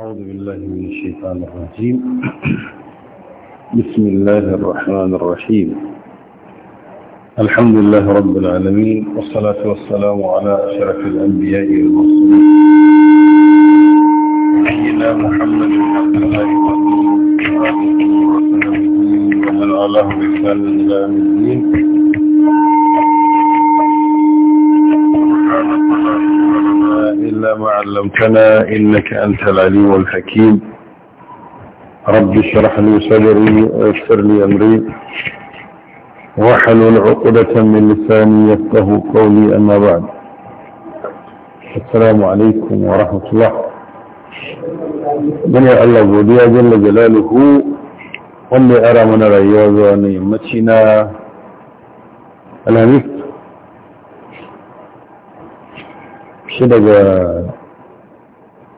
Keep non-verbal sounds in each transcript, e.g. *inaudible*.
أعوذ بالله من الشيطان الرجيم *clears throat* بسم الله الرحمن الرحيم الحمد لله رب العالمين والصلاة والسلام على أشرف الأنبياء والمرسلين سيدنا محمد وعلى آله وصحبه وسلم ومن والاه بإحسان إلى الدين ما علمتنا إنك أنت العليم الحكيم ربي اشرح لي صدري ويسر لي أمري واحلل عقدة من لساني يفقه قولي أما بعد السلام عليكم ورحمة الله من الله godiya جل جلاله wanda أرى من mana rayuwa zuwa ne shi daga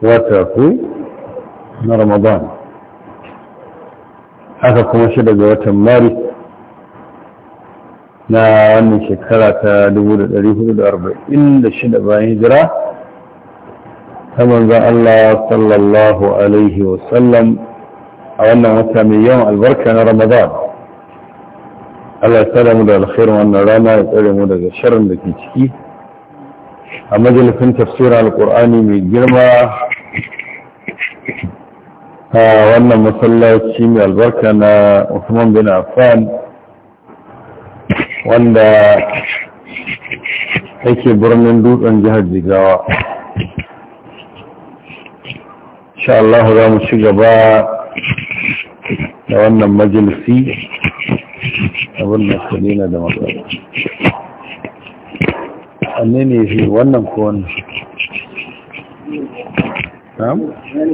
wata ku na ramadan haka kuma shi daga watan mari na wannan shekara ta 1446 bayan jira. ta manzan Allah sallallahu alaihi wasallam a wannan wata mai yawan albarka na ramadan Allah ya tsara mu da alkhairun wannan rana ya tsare mu daga sharrin da ke ciki a majalisun tafsirar alkur'ani mai girma a wannan masallaci mai albarka na Usman bin Afan, wanda yake birnin dutsen jihar Jigawa. Sha'allahu zamu za mu ci gaba da wannan majalisi abin da da matsala. wanne ne shi wannan ko ko zai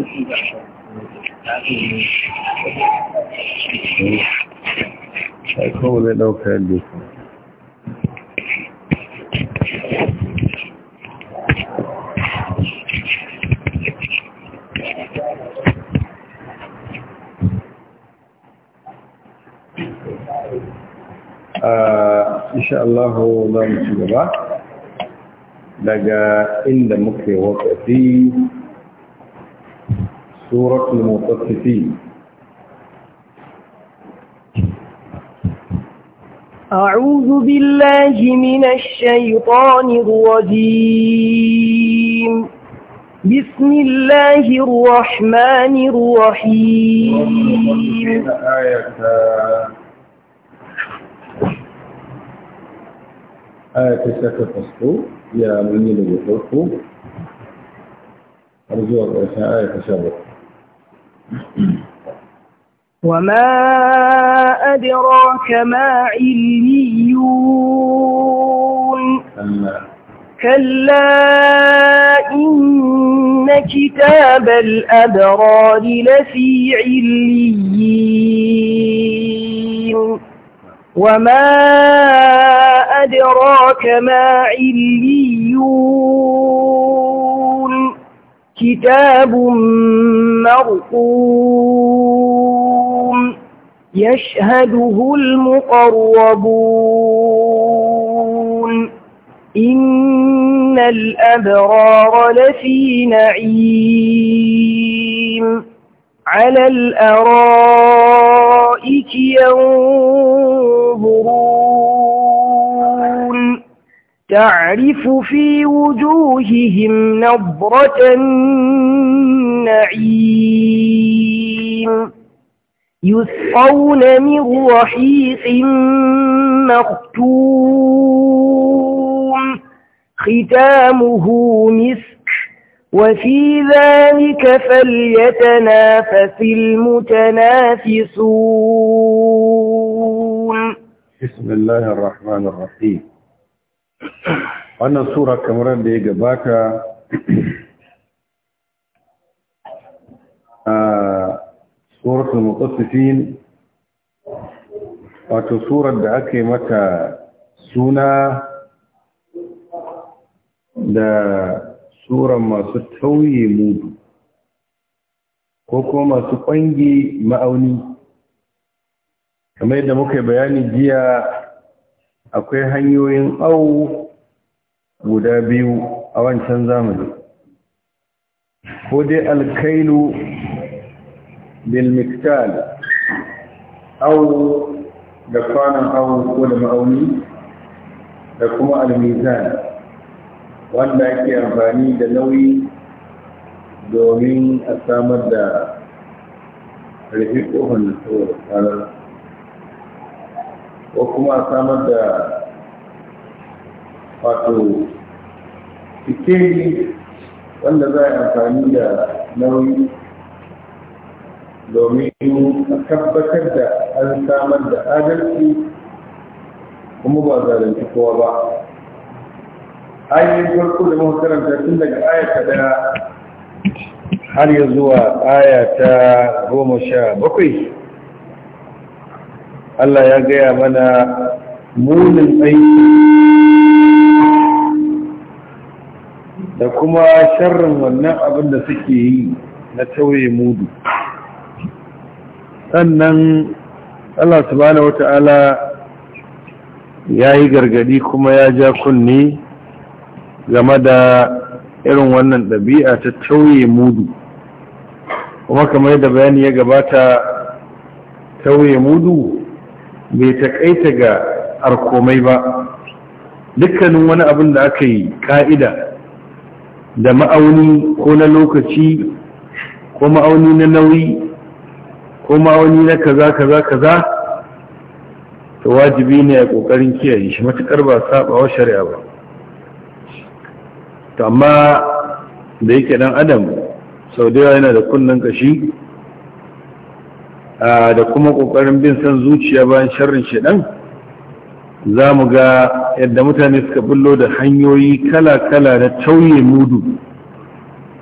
ah, insha Allah za ci gaba daga inda muke wakati suratul mutaffifin أعوذ بالله من الشيطان الرجيم بسم الله الرحمن الرحيم آية آية يا mun yi daga farko har zuwa وما أدراك ما عليون كلا إن كتاب الأبرار لفي عليين وما أدراك ما عليون كتاب مرقوم يشهده المقربون إن الأبرار لفي نعيم على الأرائك ورائك ينظرون تعرف في وجوههم نظرة النعيم يسقون من رحيق مختوم ختامه مسك وفي ذلك فليتنافس المتنافسون بسم الله الرحمن الرحيم أنا سورة كمران دي جباكا آه، سورة المقصفين واتو سورة دعاكي متى سونا suran masu tauye mudu ko kuma masu ƙwange ma'auni kamar yadda muka yi bayani jiya akwai hanyoyin au guda biyu a wancan zamani ko dai alkailu bilmiktal awo da kwanan au ko da ma'auni da kuma almizan wanda ake amfani da nauyi domin a samar da rufe kofar da da tsarar ko kuma a samar da wato sikeli wanda za a amfani da nauyi domin a tabbatar da an samar da adalci kuma ba zalunci kowa ba ayoyin farko da muka karanta tun daga aya ta har ya zuwa aya ta goma sha bakwai Allah ya gaya mana munin aiki da kuma sharrin wannan abin da suke yi na tauye mudu sannan Allah subhanahu ala ya yi gargadi kuma ya ja kunne game da irin wannan ɗabi'a ta tauye mudu kuma kamar yadda bayani ya gabata tauye mudu bai taƙaita ga arkomai ba dukkanin wani abin da aka yi ƙa'ida da ma'auni ko na lokaci ko ma'auni na nauyi ko ma'auni na kaza kaza kaza ta wajibi ne a ƙoƙarin kiyaye shi matuƙar ba saɓawa shari'a ba to amma da yake dan adam sau da yana da kunnen kashi da kuma kokarin bin san zuciya bayan sharrin shaɗan za mu ga yadda mutane suka bullo da hanyoyi kala-kala na tauye mudu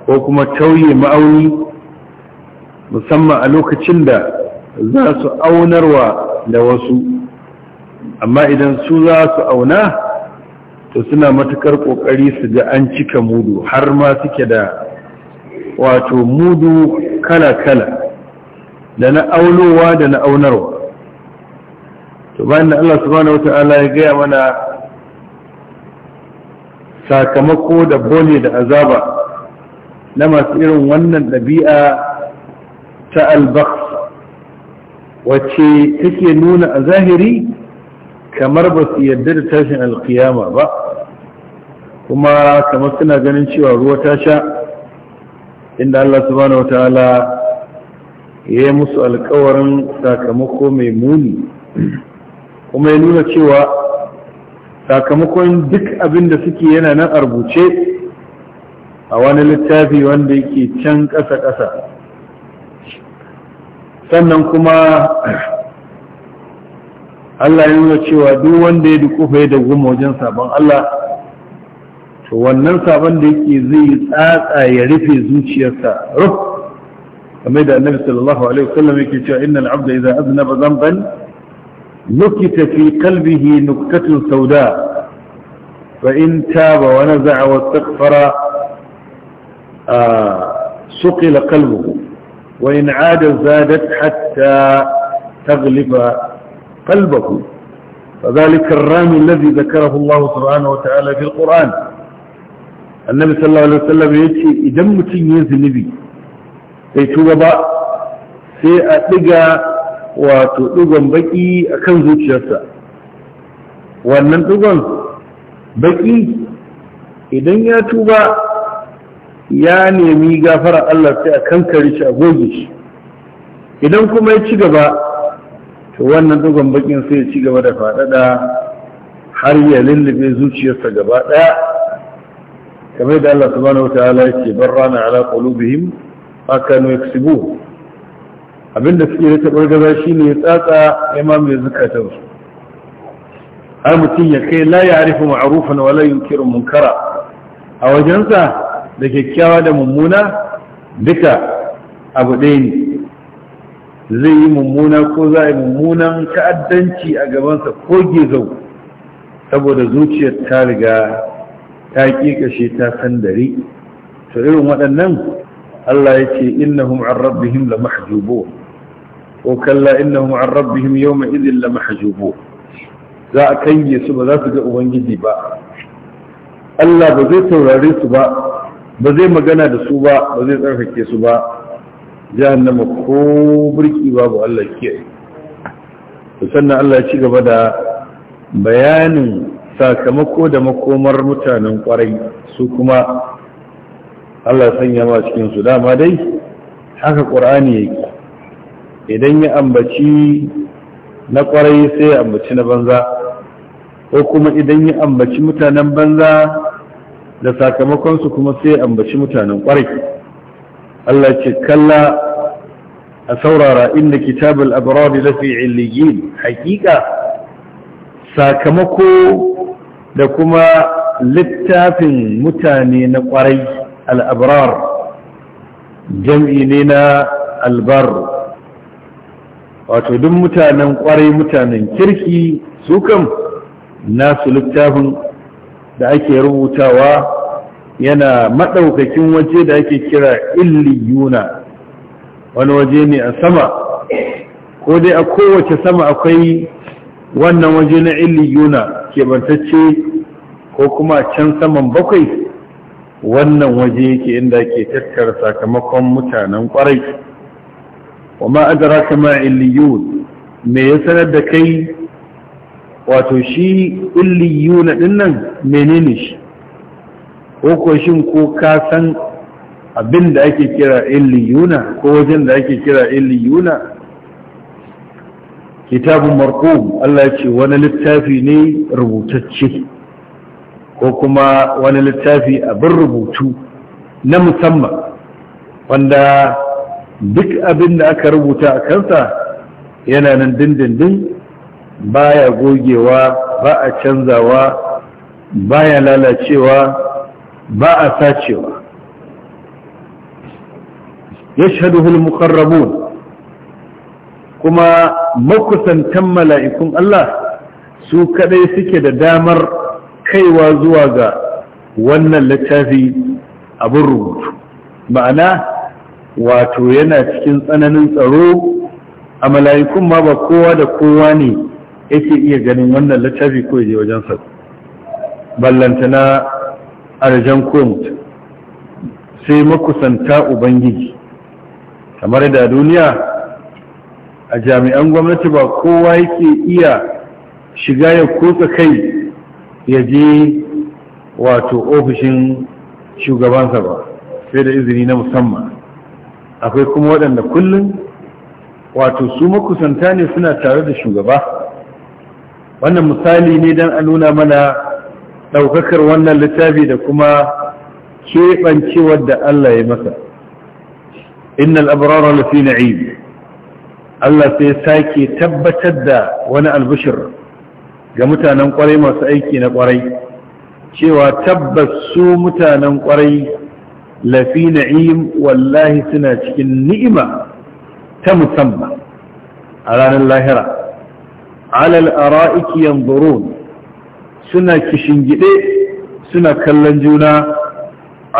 ko kuma tauye ma'auni musamman a lokacin da za su aunarwa da wasu amma idan su za su auna to suna matukar kokari su ga an cika mudu har ma suke da wato mudu kala-kala da na aulowa da na aunarwa to bayan da Allah subhanahu wata'ala ya gaya mana sakamako da bone da azaba na masu irin wannan ɗabi'a ta albaks wacce take nuna a zahiri kamar ba su yadda da tashin alkiyama ba kuma kamar suna ganin cewa ruwa ta sha inda Allah subhanahu wa ta'ala ya yi musu alkawarin sakamako mai muni kuma ya nuna cewa sakamakon duk abin da suke yana nan a rubuce a wani littafi wanda yake can ƙasa-ƙasa sannan kuma Allah ya nuna cewa duk wanda ya dukufa ya dagwama wajen sabon Allah to wannan sabon da yake zai tsatsa ya rufe zuciyarsa ruf kamar da annabi sallallahu alaihi wasallam yake cewa innal abda idza aznaba dhanban nukita fi qalbihi nuqtatun sauda fa in taba wa naza'a wastaghfara suqila qalbuhu wa in 'ada zadat hatta taghliba قلبه فذلك الرامي الذي ذكره الله سبحانه وتعالى في القرآن النبي صلى الله عليه وسلم يتشي إذا متين يزنبي يتوب sai a ɗiga wato ɗigon baƙi a zuciyarsa wannan ɗigon baƙi idan ya tuba ya nemi gafar Allah sai a kankare a goge shi idan kuma ya ci gaba to wannan dugon bakin sai ya ci gaba da faɗaɗa har ya lullube zuciyarsa gaba ɗaya kamar da Allah subhanahu wataala ce bar rana ala qulubihim nu yaksubu abinda suke da gaza shine ya tsatsa ya mai zakatansu har mutum ya kai la ya'rifu ma'rufan wa la yunkiru munkara a wajensa da kyakkyawa da mummuna duka abu ɗaya ne zai yi mummuna ko za a yi mummunan ta'addanci a gabansa ko gezau saboda zuciyar ta riga ta ƙiƙashe ta sandari. to irin waɗannan Allah ya ce innahum an rabbihim la mahjubu ko kalla innahum an rabbihim yawma idhin la mahjubu za a kange su ba za su ga ubangiji ba Allah ba zai taurare su ba ba zai magana da su ba ba zai tsarkake su ba jahannama ko burki babu Allah kiyaye sannan Allah ya ci gaba da bayanin sakamako da makomar mutanen kwarai su kuma Allah sanya ma cikin su dama dai haka ƙur'ani yake idan ya ambaci na kwarai sai ya ambaci na banza ko kuma idan ya ambaci mutanen banza da sakamakonsu kuma sai ya ambaci mutanen kwarai Allah ce kalla a saurara inda kitabul abrari lafi illiyin hakika sakamako da kuma littafin mutane na kwarai al jam'i ne na albar wato duk mutanen kwarai mutanen kirki su kam nasu littafin da ake rubutawa yana maɗaukakin waje da ake kira illiyuna wani waje ne a sama ko dai a kowace sama akwai wannan waje na illiyuna keɓantacce ko kuma can saman bakwai wannan waje yake inda ake tattara sakamakon mutanen kwarai wa ma adraka kama illiyun me ya sanar da kai wato shi illiyuna dinnan menene shi ko shin ko ka san abin da ake kira illiyuna ko wajen da ake kira illiyuna kitabun marqum Allah ya ce wani littafi ne rubutacce ko kuma wani littafi abin rubutu na musamman wanda duk abin da aka rubuta a kansa yana nan dindindin baya gogewa ba a canzawa baya lalacewa ba a sacewa yashhaduhu al-muqarrabun kuma makusantan mala'ikun Allah su kadai suke da damar kaiwa zuwa ga wannan littafi abin rubutu ma'ana wato yana cikin tsananin tsaro a mala'ikun ma ba kowa da kowa ne yake iya ganin wannan littafi ko je wajen sa ballantana arjan kumt sai makusanta ubangiji kamar da duniya a jami'an gwamnati ba kowa yake iya shiga ya kusa kai ya je wato ofishin shugabansa ba sai da izini na musamman akwai kuma waɗanda kullum wato su makusanta ne suna tare da shugaba wannan misali ne don a nuna mana ɗaukakar wannan littafi da kuma keɓancewar da Allah ya masa innal abrara lafi na'im Allah sai sake tabbatar da wani albishir ga mutanen ƙwarai masu aiki na kwarai cewa tabbas su mutanen ƙwarai lafi na'im wallahi suna cikin ni'ima ta musamman a ranar lahira alal ara'iki yanzurun suna kishin kishingide suna kallon juna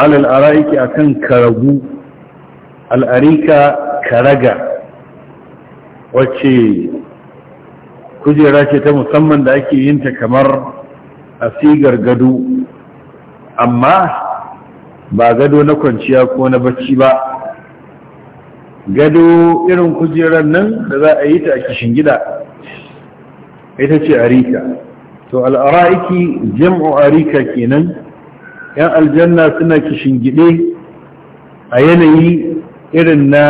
alal ara'iki akan karagu al'arika karaga wacce kujera ce ta musamman da ake yin ta kamar a gado amma ba gado na kwanciya ko na bacci ba gado irin kujerar nan da za a yi ta a kishin gida ita ce arika to al'ara'iki jam'u arika kenan yan aljanna suna kishingide a yanayi irin na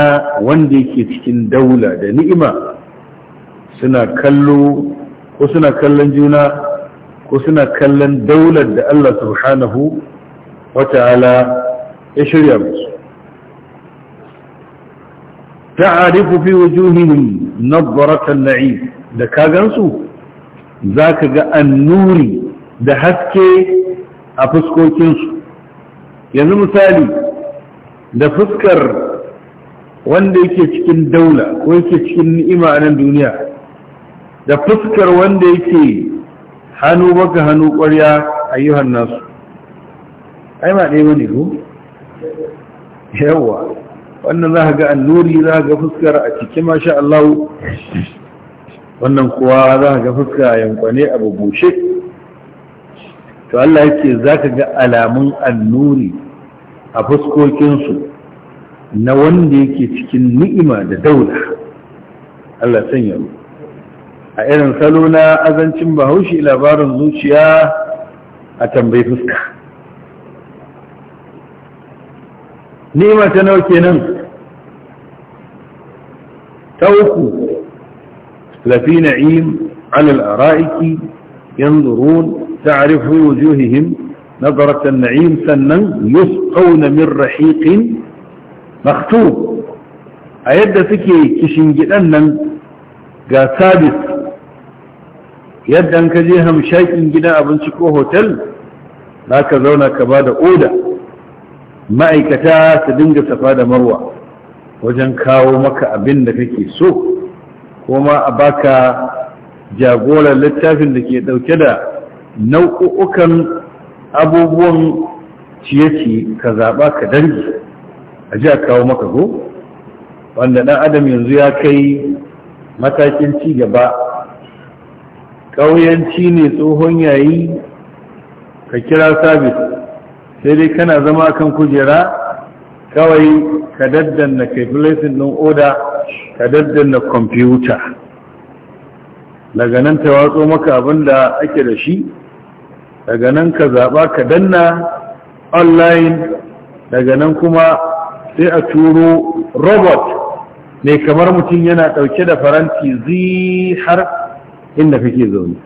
wanda yake cikin daula da ni'ima suna kallo ko suna kallon juna ko suna kallon daular da Allah subhanahu wata'ala ya shirya musu ta'arifu fi wujuhihim nadratan na'im da gansu? za ka ga annuri da haske a fuskokinsu yanzu misali da fuskar wanda yake cikin daula ko yake cikin ni'ima a nan duniya da fuskar wanda yake hannu baka hannu ƙwarya yi hannasu ai ma ɗaya wani ko yawa wannan za ka ga annuri za ga fuskar a cikin masha Allah wannan kuwa za ka ga fuska yankwane abu bushe to Allah yake za ka ga alamun annuri a fuskokinsu na wanda yake cikin ni'ima da daula Allah sanya mu a irin salo na azancin bahaushe labarin zuciya a tambayi fuska ni'ima ta nawa kenan ta uku لفي نعيم على الأرائك ينظرون تعرف في وجوههم نظرة النعيم سنا يسقون من رحيق مختوم أيد سكي كشنجدنا قا ثابت يد أنك جيهم شايكين جدا أبن شكو هوتل لا كذونا كبادة أولى ma'aikata su dinga safa da marwa wajen kawo maka abin da kake so kuma a baka jagorar littafin da ke dauke da nau'ukan abubuwan ciye-ciye ka zaɓa ka dangi a ji a kawo maka go wanda ɗan adam yanzu ya kai matakin ci gaba ƙauyanci ne tsohon yayi ka kira sabis sai dai kana zama kan kujera kawai ka daddanna kai ɗin oda ka daddanna kwamfuta daga nan ta watso maka abin da ake da shi daga nan ka zaɓa ka danna online daga nan kuma sai a turo robot ne kamar mutum yana ɗauke da faranti har inda kake zaune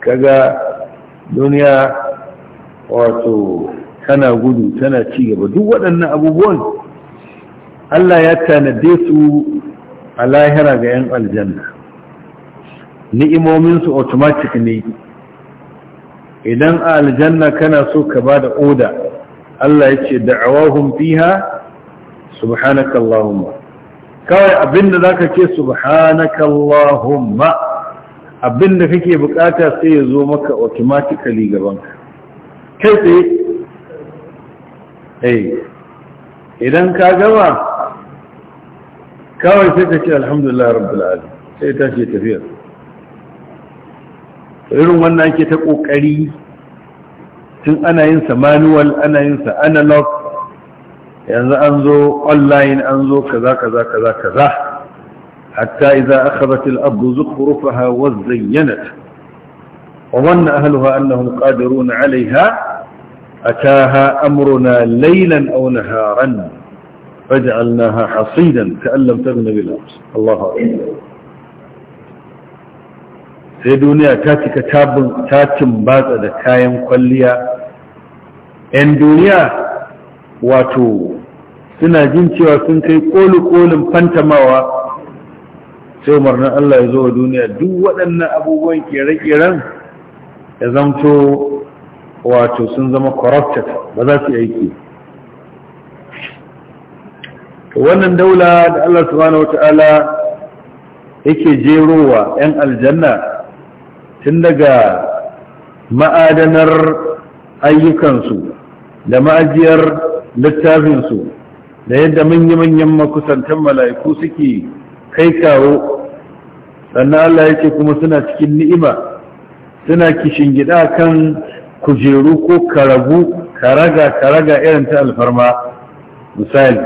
kaga duniya wato kana gudu tana ci gaba duk waɗannan abubuwan Allah ya tanade su a lahira ga 'yan aljanna ni'imominsu automatic ne idan a aljanna kana so ka ba da oda Allah ya ce da'awahum fiha subhanaka kawai abinda zaka ce subhanaka abinda kake bukata sai ya zo maka automatically gabanka kai tsaye Eh, idan ka gama kawai sai ka ce alhamdulillah rabbul alamin sai ta ce tafiyar irin wannan ke ta kokari tun ana yin sa manual ana yin sa analog yanzu an zo online an zo kaza kaza kaza kaza hatta idza akhadhat al-ard zukhrufaha wa zayyanat wa dhanna ahliha annahum qadirun 'alayha أتاها أمرنا ليلا أو نهارا فجعلناها حصيدا كأن لم تغن بالأمس الله أكبر sai duniya ta cika tacin batsa da kayan kwalliya 'yan duniya wato suna jin cewa sun kai koli-kolin fantamawa sai umarnin Allah ya zo wa duniya duk waɗannan abubuwan kere-keren ya zamto wato sun zama corrupted ba za su aiki wannan daula da Allah subhanahu wata'ala yake jerowa 'yan aljanna tun daga ma'adanar ayyukansu da ma'ajiyar littafinsu da yadda manya-manyan makusantan mala'iku suke kai kawo sannan Allah yake kuma suna cikin ni'ima suna kishin gida kan kujeru ko karabu karaga karaga irin ta alfarma misali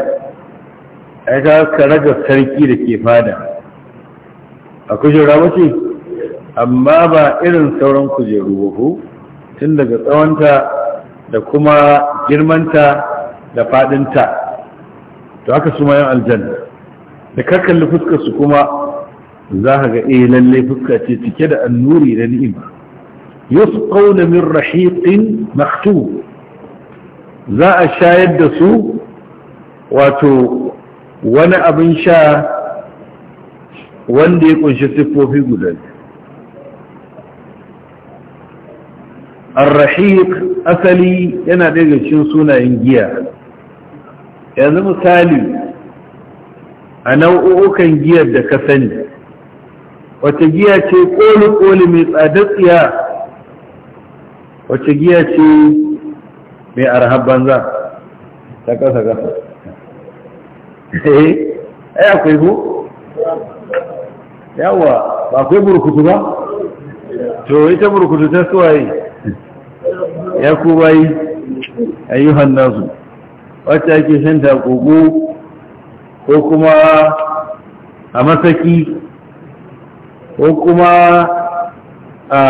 aka karaga sarki da ke fada a kujera wace amma ba irin sauran kujeru ba ko tun daga tsawonta da kuma girmanta da fadinta to haka su mayan aljanna da fuska su kuma za ka ga eh lallai fuska ce cike da annuri da ni'ima yusqawna min rahiqin maktub za a shayar da su wato wani abin sha wanda ya kunshi siffofi gudan. ar asali yana daga cikin sunayen giya yanzu misali a nau'ukan giyar da ka sani wata giya ce koli-koli mai tsadatsiya Wace giya ce mai arhab banza ta kasa kasa eh ai akwai ko yawa ba akwai burkutu ba to ita burkutu ta suwaye ya ku bai ayyuhan nasu wacce ake shan kogo ko kuma a masaki ko kuma a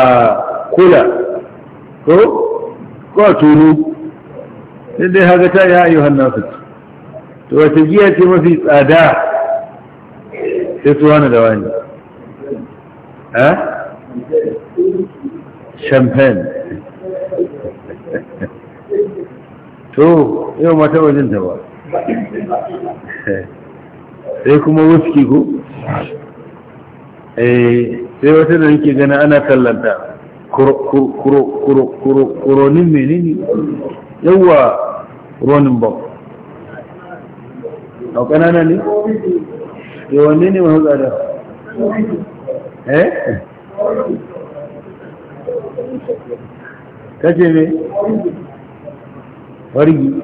kula ko ko a tunu inda haka ta yi hayo hannasu to wata giya ce mafi tsada sai su wani da wani ha? champagne *laughs* to yau mata wajen ta ba *laughs* sai kuma wuski ku. eh sai wata da nake gana ana tallanta kuronin menene yawa ronin bau a ƙanana ne? yawanne ne mahu tsada eh? kace ne? wargi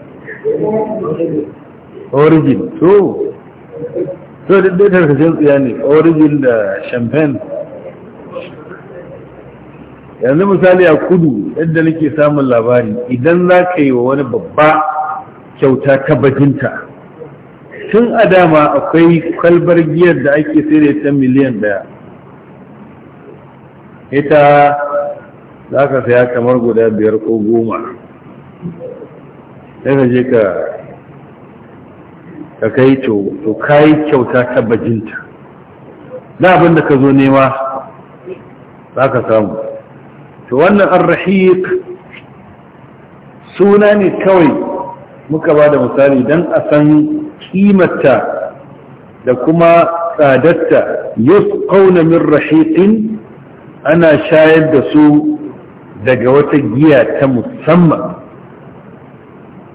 origin so so daidaitar kashin tsiya ne origin da champagne yanzu misali a kudu yadda nake samun labari idan za ka yi wa wani babba kyauta ta bajinta tun a dama akwai kwalbar giyar da ake sai ta miliyan daya ita za ka saya kamar guda biyar ko goma ka je ka ka kai to kayi kyauta ta bajinta na abin ka zo nema za ka samu to wannan arrahiq suna ne kawai muka ba da misali don a san kimata da kuma tsadatta yusqauna min rahiqin ana shayar da su daga wata giya ta musamman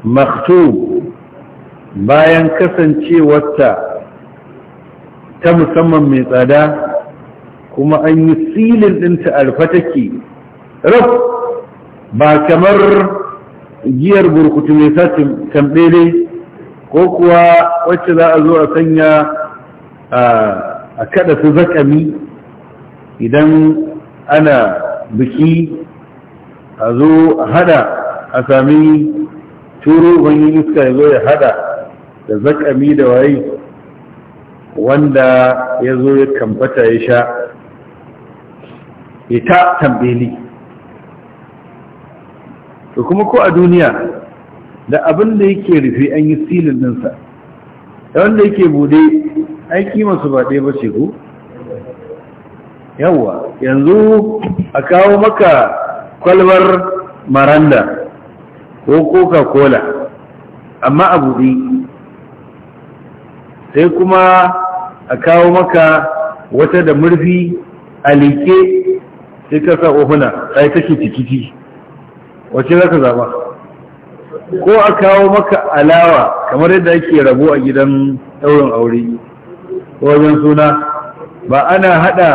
Makto bayan kasancewarta ta musamman mai tsada kuma an yi silin ɗinta alfataki raf ba kamar giyar burkutu mai sa tamɓele ko kuwa wacce za a zo a sanya a kada su zakami idan ana biki a zo a hada a sami turo wani iska ya zo ya hada da zakami da waye wanda ya zo ya kambata ya sha ita tambeli to kuma ko a duniya da abin da yake rufe an yi silin ɗinsa da wanda yake bude ai kimansu ba ɗaya ba ce ko yawwa yanzu a kawo maka kwalbar maranda ko coca-cola amma a buɗe sai kuma a kawo maka wata da murfi a liƙe sai ka sa ohuna sai take cikiki wace za ka zaɓa ko a kawo maka alawa kamar yadda ake rabu a gidan ɗaurin aure wajen suna ba ana haɗa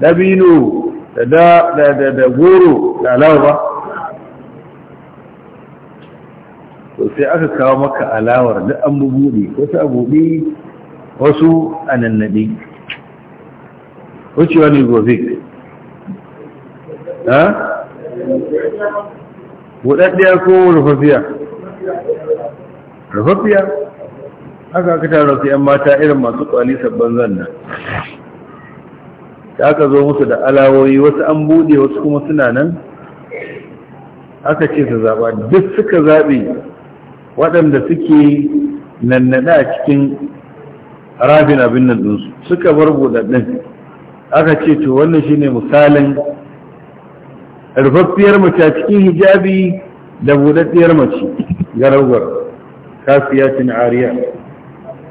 dabino da goro da alawa ba to sai aka kawo maka alawar da an bubuɗe wasu abuɗe wasu a nannaɗe wucewa ne gobe buɗaɗɗiya ko rufafiya rufafiya haka aka tara su 'yan mata irin masu kwali sabban zanna ta aka zo musu da alawoyi wasu an buɗe wasu kuma suna nan aka ce su zaɓa duk suka zaɓe waɗanda suke nannaɗa a cikin rabin abin nan ɗinsu suka bar buɗaɗɗin aka ce to wannan shine misalin rufaffiyar mace a cikin hijabi da budaddiyar mace garaugar kafiyatin ariya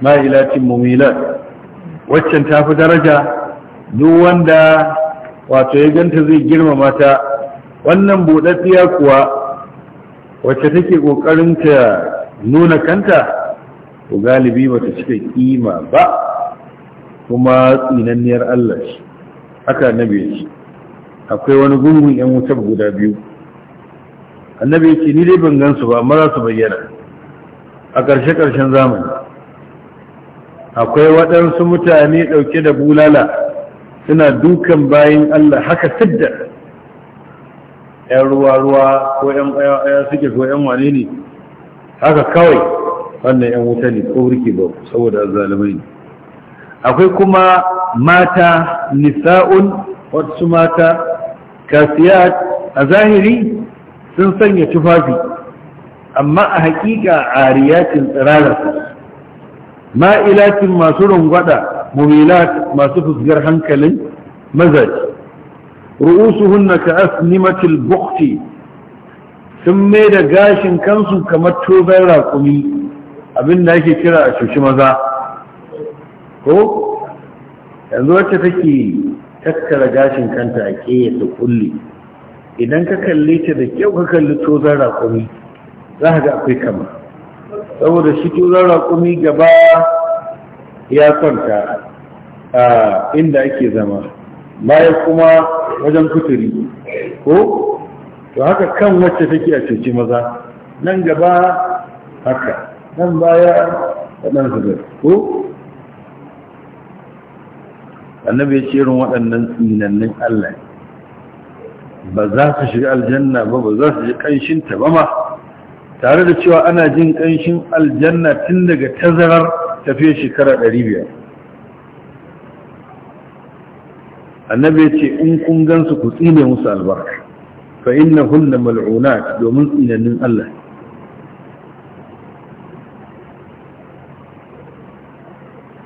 ma'ilatin mumilat waccan ta fi daraja duk wanda wato ya ganta zai girmama ta wannan budaddiya kuwa wacce take kokarin ta nuna kanta to galibi bata cika kima ba kuma tsinanniyar Allah haka nabi shi akwai wani gungun yan wutar guda biyu annabi ce ni dai ban gansu ba amma za su bayyana a ƙarshe-ƙarshen zamani akwai waɗansu mutane ɗauke da bulala suna dukan bayan Allah haka sidda ‘yan ruwa-ruwa ko ‘yan ƙaya suke ko ‘yan wane ne haka kawai wannan ‘yan wuta ne ko wurke ba saboda zalimai ne akwai kuma mata nisa'un wasu mata kasiyat a zahiri sun sanya tufafi amma a haƙiƙa ariyatin tsirararsa ma'ilatin masu rungwada mumilat masu fusgar hankalin mazaji ru'usuhunna ka asnimatil bukti sun mai da gashin kansu kamar tobar raƙumi abin da ake kira a shushi maza ko yanzu wacce take tattara gashin kanta a ta kulle idan ka kalli ta da kyau ka kalli tozon raƙumi za ka ga akwai kama saboda shi tozon raƙumi gaba ya kwanta a inda ake zama baya kuma wajen kuturi ko to haka kan wacce take a cuci maza nan gaba haka nan baya waɗansu ko annabi ya ce irin waɗannan tsinannin Allah ba za su shiga aljanna ba ba za su ji ƙanshinta ba ma tare da cewa ana jin ƙanshin aljanna tun daga tazarar tafiye shekara ɗari biyar annabi ya ce in kun gansu ku tsine musu albarka fa inna hunna mal'unat domin tsinannin Allah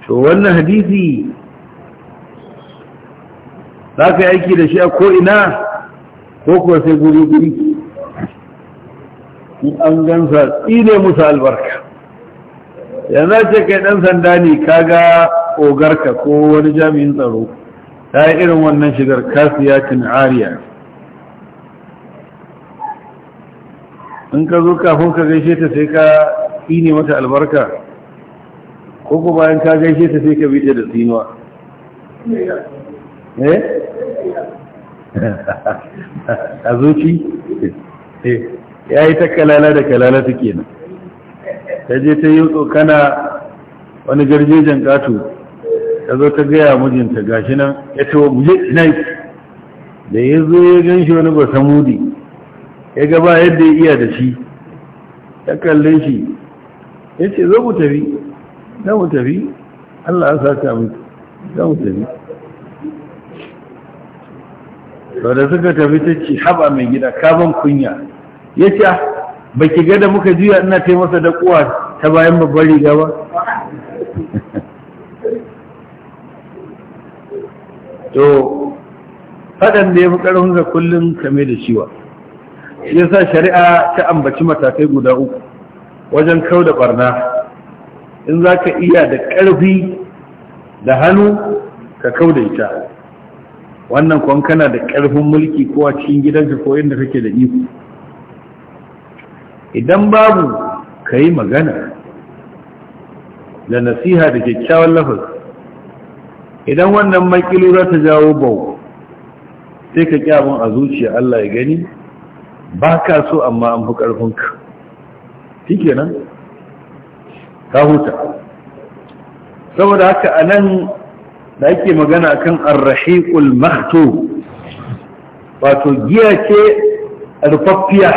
to wannan hadisi za ka yi aiki da shi a ko'ina ko kuwa sai guri-guri in an gansa tsine musu albarka yanzu ce kai ɗan sanda ne ka ga ogarka ko wani jami'in tsaro ta yi irin wannan shigar kasiyatin ariya in ka zo kafin ka gaishe ta sai ka tsine mata albarka ko kuma bayan ka gaishe ta sai ka bi da tsinuwa eh a zuci eh ya yi ta kalala da kalala ta kenan ta je ta yi tsokana wani garjejen ƙato ta zo ta gaya mijinta gashi nan ya ce wa muje nai da ya zo ya gan shi wani basa mudi ya gaba yadda ya iya da shi ta kalle shi ya ce zo mu tafi za mu tafi allah ya sa ta mutu za mu tafi to da suka tafi ta ce haba mai gida kaban kunya ya ce ah, ba ki ga muka juya ina ta masa da kuwa ta bayan babbar riga ba *laughs* to faɗan da ya fi ƙarfinsa kullum kame da ciwa ya sa shari'a ta ambaci matakai guda uku wajen kau da ɓarna in za ka iya da ƙarfi da hannu ka kau da ita wannan kwan kana da ƙarfin mulki ko a cikin gidanka ko inda kake da iko idan babu ka yi magana da nasiha da kyakkyawan lafaz idan wannan makilu za ta jawo bau sai ka kyabon a zuciya Allah ya gani ba ka so amma an fi ƙarfinka shi kenan ka huta saboda haka a nan da ake magana kan arrahiqul makhtu wato giya ce rufaffiya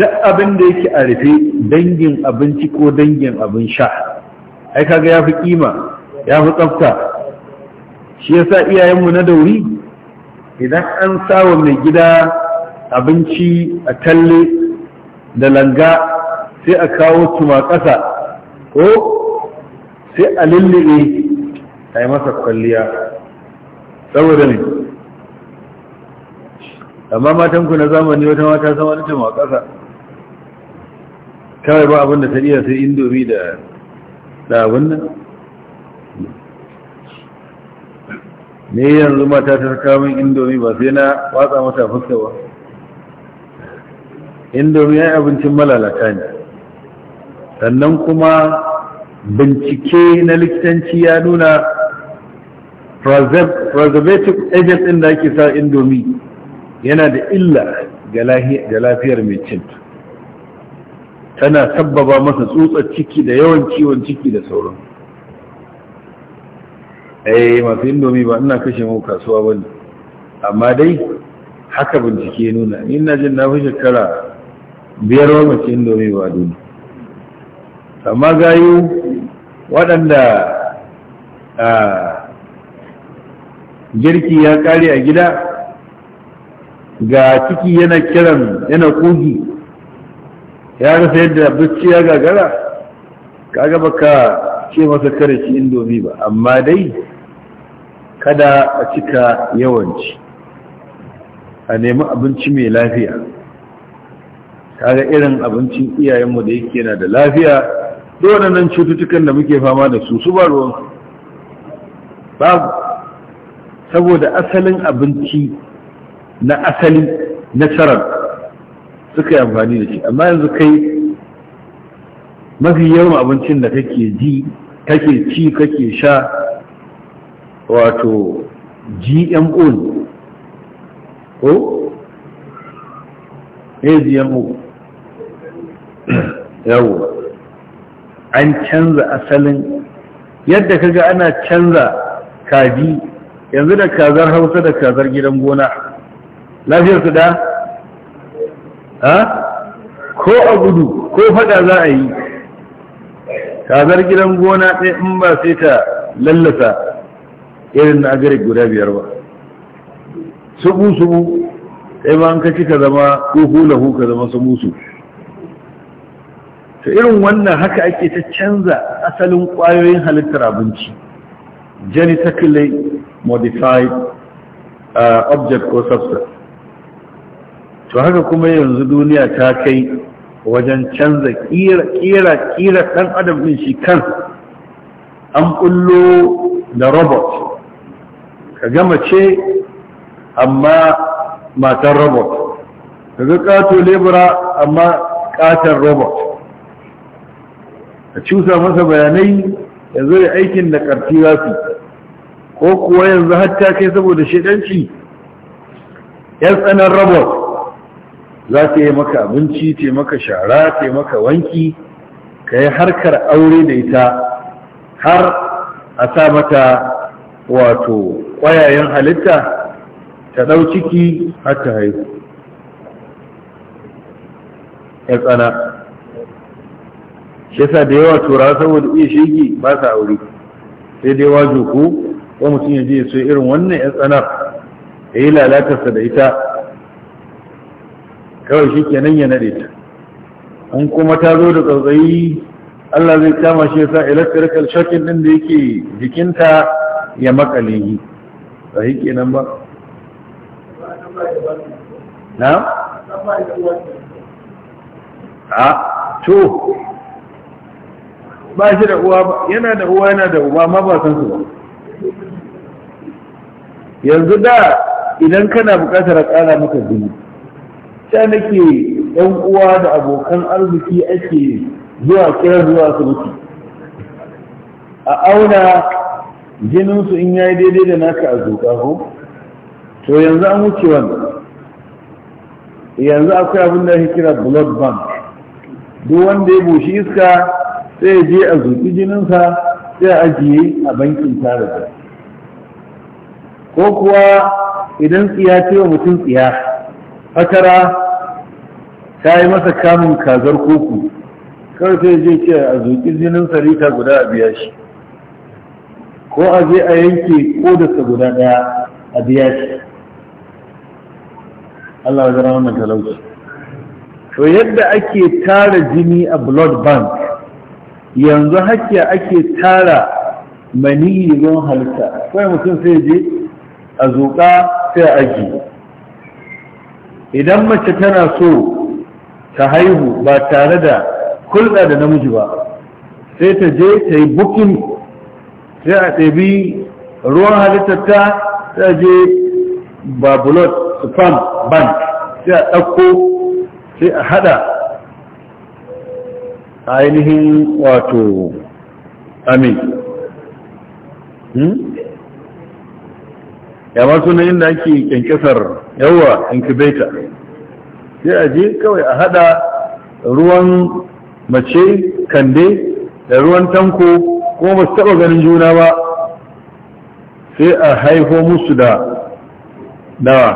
duk abin da yake a rufe dangin abinci ko dangin abin sha ai kaga yafi kima yafi tsafta shi yasa iyayenmu na dauri idan an sawa mai gida abinci a talle da langa sai a kawo tuma ƙasa ko oh, sai a lullube a yi masa kwalliya saboda ne amma matanku na zamani wata mata sama wani cin kasa kawai ba abinda ta iya sai indomi da abin nan ne yanzu mata ta kamun indomi ba sai na watsa mata fuska ba indomi ya yi abincin malalata ne sannan kuma bincike na likitanci ya nuna preservative agent ɗin da ake sa indomi yana da illa ga lafiyar mai cin tana sabbaba masa tsutsar ciki da yawan ciwon ciki da sauran eh masu indomi ba ina kashe mu kasuwa ba ne amma dai haka bincike nuna ina jin na fi shekara biyar wa mace indomi ba dole, amma gayu waɗanda girki ya ƙare a gida ga ciki yana kiran yana kogi ya rasa yadda bacci ya gagara kaga baka ce masa kare indomi ba amma dai kada a cika yawanci a nemi abinci mai lafiya kaga irin abincin iyayenmu da yake na da lafiya duk waɗannan cututtukan da muke fama da su su ba ruwansu saboda asalin abinci na asali na suka yi amfani da shi amma yanzu kai mafi yawan abincin da kake ji kake ci kake sha wato gmo ne ko? Eh, gmo *coughs* yawon an canza asalin yadda kaga ana canza kaji yanzu da kazar hausa da kazar gidan gona lafiyar su da ha ko a gudu ko fada za a yi kazar gidan gona ɗaya in ba sai ta lallasa irin na agarik guda biyar ba subu-subu sai ma an kaci ka zama ko hula ka zama subu-subu to irin wannan haka ake ta canza asalin ƙwayoyin halittar abinci genetically modified uh, object ko substance to haka kuma yanzu duniya ta kai wajen canza kira kira ɗan adam ɗin shi kan an ƙullo da robot ka gama ce amma matan robot ka ga ƙato lebura amma ƙatar robot a cusa masa bayanai ya zo da aikin da ƙarfi za su ko kuwa yanzu hatta kai saboda shaidanci? yan tsanan robot za ta yi maka abinci ta maka shara ta maka wanki ka yi harkar aure da ita har a sa mata wato ƙwayayen halitta ta ɗau ciki har ta haihu ya tsana shi yasa da yawa turawa saboda iya shege ba sa aure sai dai wajo ko ko mutum ya je ya so irin wannan ya tsanar ya yi lalatarsa da ita kawai shi kenan ya nade ta in kuma ta zo da tsautsayi Allah zai kama shi yasa electrical shocking din da yake jikinta ya makale yi ba shi kenan ba na? a to ba shi da uwa yana da uwa yana da uba ma ba san su ba yanzu da idan kana bukatar ƙara maka jini sai nake ɗan uwa da abokan arziki ake zuwa kiran zuwa asibiti a auna jininsu in yayi daidai da naka a zuƙa ko to yanzu an wuce wannan yanzu akwai abin da ake kira blood bank duk wanda ya bushi iska sai je a zuƙi jininsa sai a ajiye a bankin tara da ko kuwa idan tsiya ce wa mutum tsiya fatara ta yi masa kamun kazar koko kawai sai je ce a zuƙi jinin rita guda a biya shi ko a je a yanke kodarsa guda ɗaya a biya shi Allah ya zara wannan talauci to yadda ake tara jini a blood bank yanzu hakkiya ake tara maniyi don halitta kawai mutum sai je a zuƙa sai a aji idan mace tana so ta haihu ba tare da kulɗa da namiji ba sai ta je ta yi bukin sai a ɗabi ruwan halitta ta je babulot spam bank sai a ɗauko sai a haɗa. ainihin wato amin hmm? yamma yin inda ake kyankyasar yawa incubator sai a je kawai a hada ruwan mace kande da ruwan tanko kuma ba su taba ganin juna ba sai a haifo musu da dawa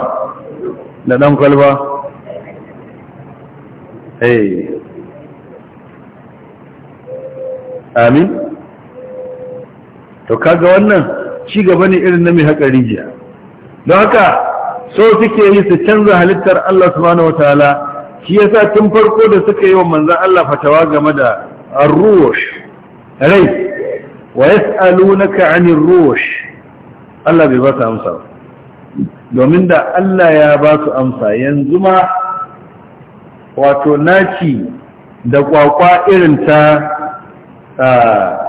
da dan kwalba eh. amin to kaga wannan ci gaba ne irin na mai haƙa rijiya don haka so suke yi su canza halittar Allah subhanahu ta'ala shi yasa tun farko da suka yi wa manzon Allah fatawa game da ar-ruh rai wa yas'alunaka 'anir ruh Allah bai ba su amsa domin da Allah ya ba su amsa yanzu ma wato naci da kwakwa irin ta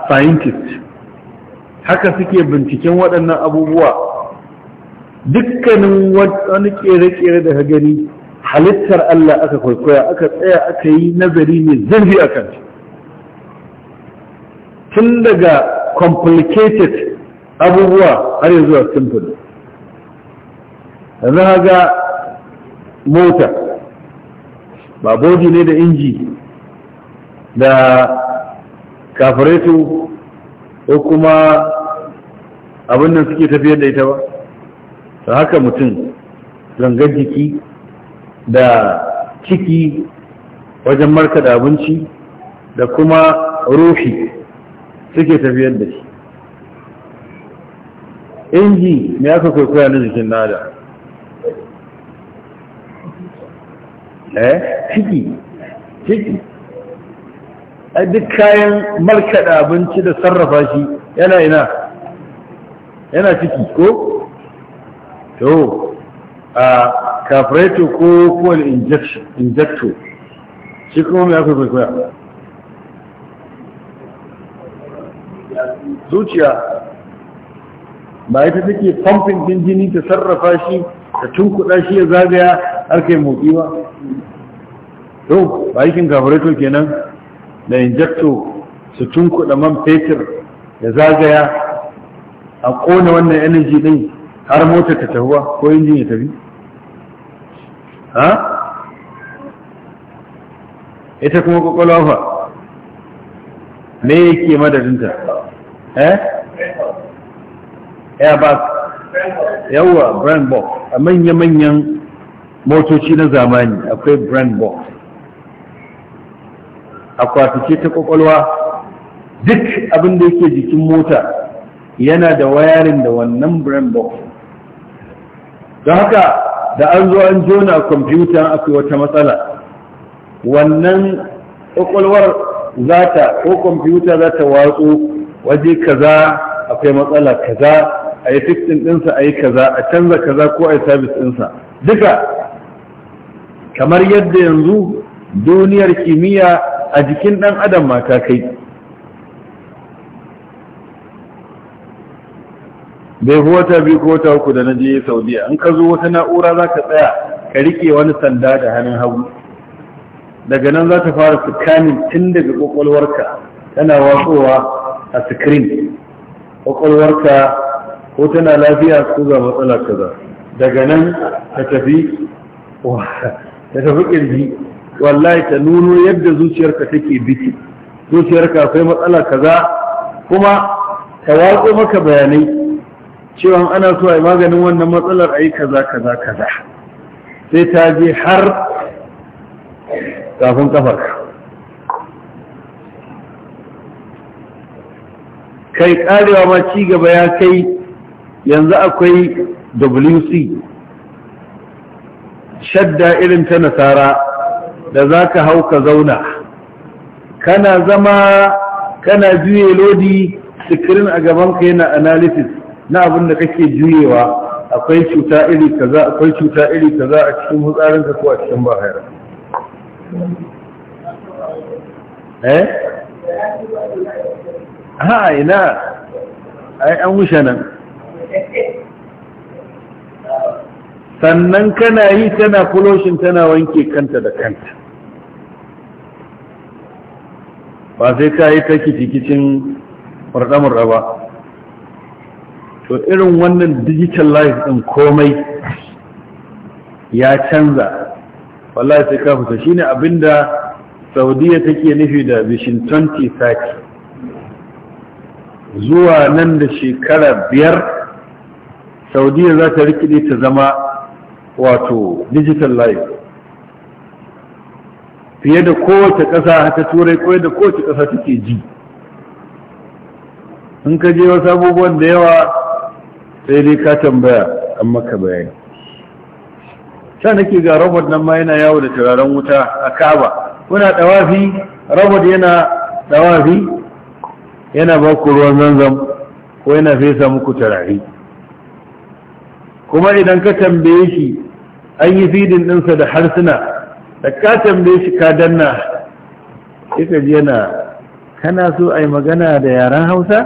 scientist haka suke binciken waɗannan abubuwa dukkanin wani kere-kere da ka gani halittar Allah aka kwaikwaya aka tsaya aka yi nazari mai zurfi a kan tun daga complicated abubuwa har yanzu a simple yanzu ga mota ba boji ne da inji da kafirai su ko kuma abin da suke tafiyar da ita ba ta haka mutum gangar jiki da ciki wajen markaɗa abinci da kuma rufi suke tafiyar da shi inji ne aka kwaikwaya na jikin nada eh ciki ciki a duk kayan markaɗa abinci da sarrafa shi yana ina yana ciki ko? to a kafreto ko kowane injecto shi kuma mai akwai kwaikwaya zuciya ba ita take pumping din jini ta sarrafa shi ta kuɗa shi ya zagaya har kai motsi ba to ba kin kafreto kenan da injecto su tunkuɗa man fetur ya zagaya a kone wannan energy ɗin har motar ta tahuwa ko injin ya tafi ha ita kuma ƙwaƙwalwa fa me yake madadinta eh airbus yawa brand box a manya-manyan motoci na zamani akwai brand box akwati ce ta kwakwalwa duk abin da yake jikin mota yana da wayarin da wannan brain box don haka da an zo an jona kwamfuta akwai wata matsala wannan kwakwalwar za ta ko kwamfuta za ta watsu waje kaza akwai matsala kaza a yi fiktin ɗinsa a yi kaza a canza kaza ko a yi sabis ɗinsa duka kamar yadda yanzu duniyar kimiyya a jikin ɗan adam mata kai bai fi wata biyu ko wata uku da na je saudiya in ka zo wata na'ura za ka tsaya ka rike wani sanda da hannun hagu daga nan za ta fara sikanin tun daga kwakwalwarka tana watsowa a sikirin. kwakwalwarka ko tana lafiya ko ga matsala kaza daga nan ta tafi ta wallahi ta nuno yadda zuciyarka take biki zuciyarka akwai matsala kaza kuma ta watsa maka bayanai cewa ana so a yi maganin wannan matsalar a yi kaza kaza kaza sai ta je har kafin kafarka kai karewa ma ci gaba ya kai yanzu akwai wc shadda irin ta nasara da za ka hau ka zauna kana zama kana juye lodi sikirin a gabanka yana analysis na abin da kake juyewa akwai cuta iri kaza akwai cuta iri kaza a cikin ka ko a cikin bahaira eh ha ina ai an wuce nan sannan kana yi tana kuloshin tana wanke kanta da kanta ba sai ka yi ta kicikicin murɗa-murɗa ba to irin wannan digital life ɗin komai ya canza wallahi sai ka fita shine abinda saudiya take nufi da vision 2030 zuwa nan da shekara biyar saudiya za ta rikide ta zama wato digital life fiye da kowace ƙasa ta turai ko da kowace ƙasa take ji in ka je wasu abubuwan da yawa sai dai ka tambaya an maka bayani sha nake ga robot nan ma yana yawo da turaren wuta a kaba kuna ɗawafi? robot yana dawafi yana ba ku ruwan zanzam ko yana fesa muku turare kuma idan ka tambaye shi an yi fidin ɗinsa da harsuna da ka tambaye shi ka danna ita ji yana kana so a yi magana da yaren hausa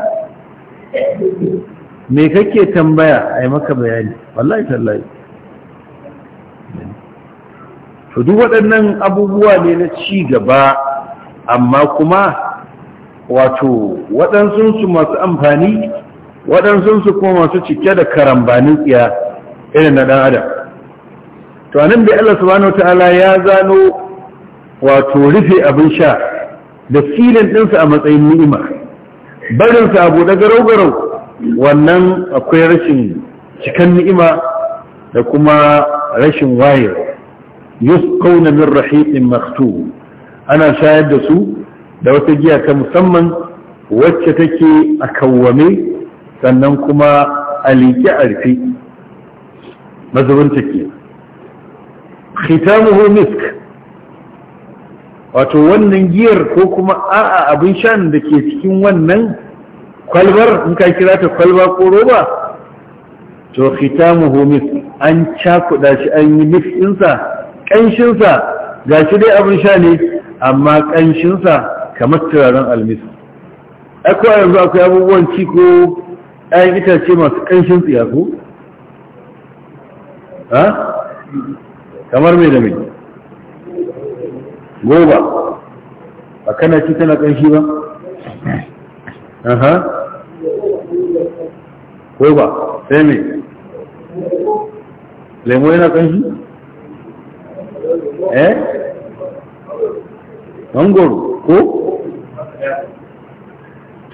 me kake tambaya a yi maka bayani wallahi tallahi to duk waɗannan abubuwa ne na ci gaba amma kuma wato waɗansunsu masu amfani waɗansunsu kuma masu cike da karambanin tsiya irin na ɗan adam to anan da Allah subhanahu wataala ya zano wato rufe abin sha da silin ɗinsa a matsayin ni'ima barinsa abu da garau-garau wannan akwai rashin cikan ni'ima da kuma rashin wayar yusqawna min rahiqin maktub ana shayar da su da wata giya ta musamman wacce take a kawwame sannan kuma a liƙe a rufe mazubin take khitamuhu misk wato wannan giyar ko kuma a'a abin shan da ke cikin wannan kwalbar in ka kira ta kwalba ko roba to khitamuhu misk an cakuda shi an yi mix ƙanshinsa ga shi dai abin sha ne amma ƙanshinsa kamar turaren almis akwai yanzu akwai abubuwan ci ciko ɗayan itace masu ƙanshin tsiyaku ha kamar mai da mai goba ba kana ci tana ƙanshi ba aha goba sai mai lemo yana ƙanshi eh mangoro ko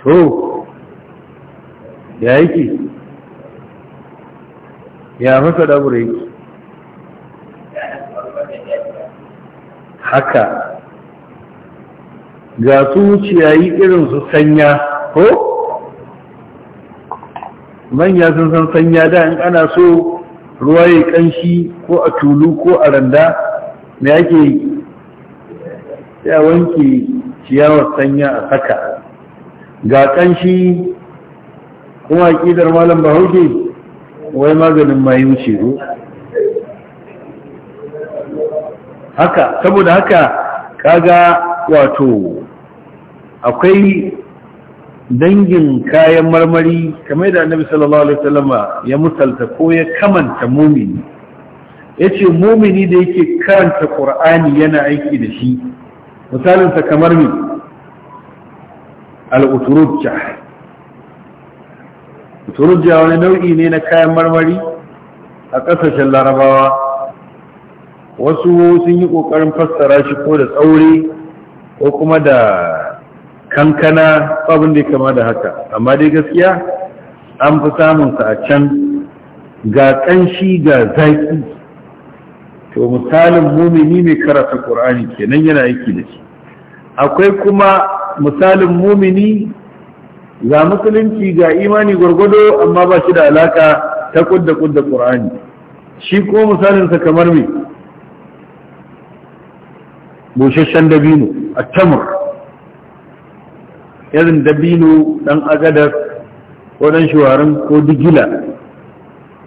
to ya yake ya masa dabura yake haka ga su yi irin su sanya ko manya sun san sanya da in ana so ruwa ya kanshi ko a tulu ko a randa me ake yi ya wanke ciyawar sanya a saka ga kanshi kuma a ƙidar malam bahaushe wai maganin mayu ce haka saboda haka kaga wato akwai dangin kayan marmari kamar da annabi sallallahu alaihi wasallam ya musalta ko ya kamanta mumini yace mumini da yake karanta qur'ani yana aiki da shi misalin sa kamar mi al-uturujja uturujja wani nau'i ne na kayan marmari a ƙasashen larabawa wasu sun yi ƙoƙarin fassara shi ko da tsauri ko kuma da kankana abin da kama da haka amma dai gaskiya an fi samun sa a can ga ƙanshi ga zaƙi to misalin mumini mai karatu ƙorani kenan yana aiki da shi akwai kuma misalin mumini ga musulunci ga imani gwargwado amma ba shi da alaka ta kudda kudda ƙorani shi ko misalinsa kamar mai bushashen dabino a tamur irin dabino ɗan agadar ko ɗan shuwarin ko digila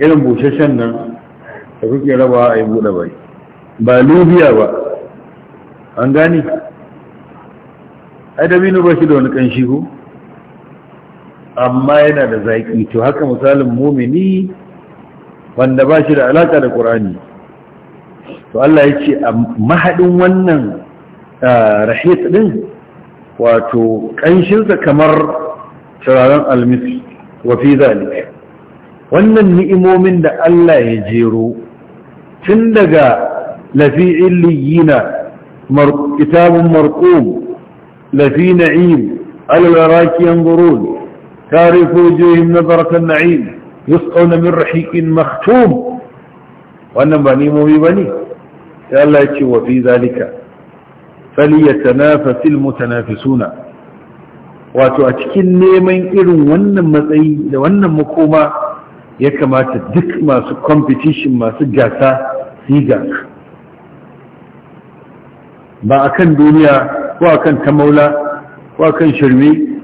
irin bushashen nan da kuke raba a yi buɗe bai ba lubiya ba an gani ai dabino ba shi da wani ƙanshi ko amma yana da zaƙi to haka misalin mumini wanda ba shi da alaƙa da ƙur'ani to Allah ya ce a mahaɗin wannan rahit ɗin wato ƙanshinsa kamar turaren almis wafi zalika wannan ni'imomin da Allah ya jero tun daga lafi illiyina kitabun marqum lafi na'im al-waraki yanzurun تعرف وجوههم نظرة النعيم يسقون من رحيق wannan ba nemomi ba ne ya Allah ya ce wa fi zalika mutanafisuna wato a cikin neman irin wannan matsayi da wannan makoma ya kamata duk masu competition masu gasa su ba a kan duniya ko a kan tamaula ko a kan shirme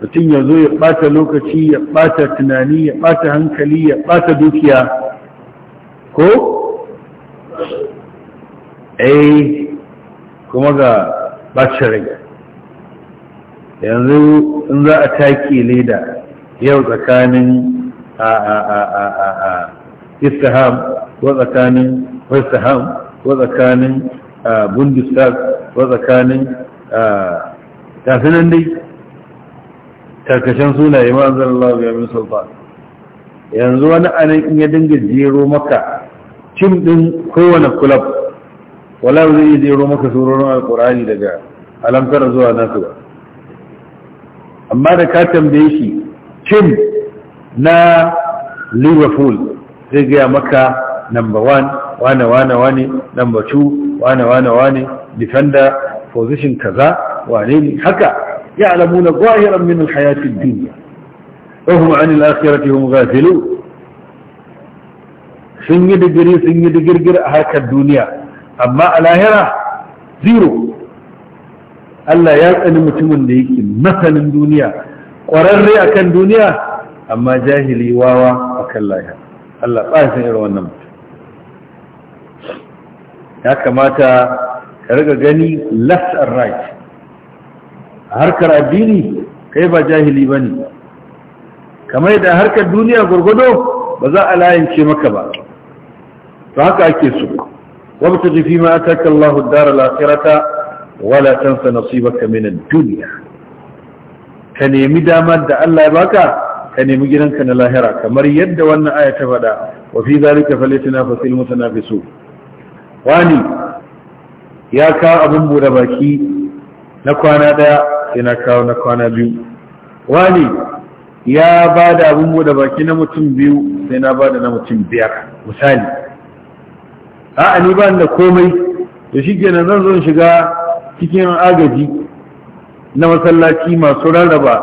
mutum ya zo ya ɓata lokaci ya ɓata tunani ya ɓata hankali ya ɓata dukiya ko Ai, eh, kuma ga bacin rai yanzu in za a taki leda yau tsakanin istaham ko tsakanin westiham ko tsakanin bundestag ko tsakanin tafinan dai karkashin sunaye ma'azin Allah ya min sulfa yanzu wani anan in ya dinga jero maka cin din kowane kulab wala zai iya jero maka surorin alkur'ani daga alamtar zuwa nasu ba amma da ka tambaye shi Kim na liverpool zai gaya maka number one wane wane wane number two wane wane wane defender position kaza wane ne haka ya alamu na gwahiran min alhayatin duniya ɗauhun an ilakirati hun gafilu sun yi digiri sun yi digirgir a harkar duniya amma a lahira zero Allah ya tsani mutumin da yake masanin duniya ƙwararre akan duniya amma jahili wawa kan lahira Allah tsasin irin wannan mutum ya kamata ka riga gani left and right a harkar addini kai ba jahili ba ne kamar da harkar duniya gurgudo ba za a layance maka ba to haka ake so وابتغ فيما آتاك الله الدار الآخرة ولا تنس نصيبك من الدنيا كنيمي دامات دا الله يباكا كنيمي جنانك نلاهرة كمريد وأن آية فدا وفي ذلك فليتنافس المتنافسون wani ya kawo abin bude baki na kwana daya sai na kawo na kwana biyu wani ya ba da abin bude baki na mutum biyu sai na ba da na mutum biyar misali a'a ni ba da komai da shi nan zan zo shiga cikin agaji na masallaci masu rarraba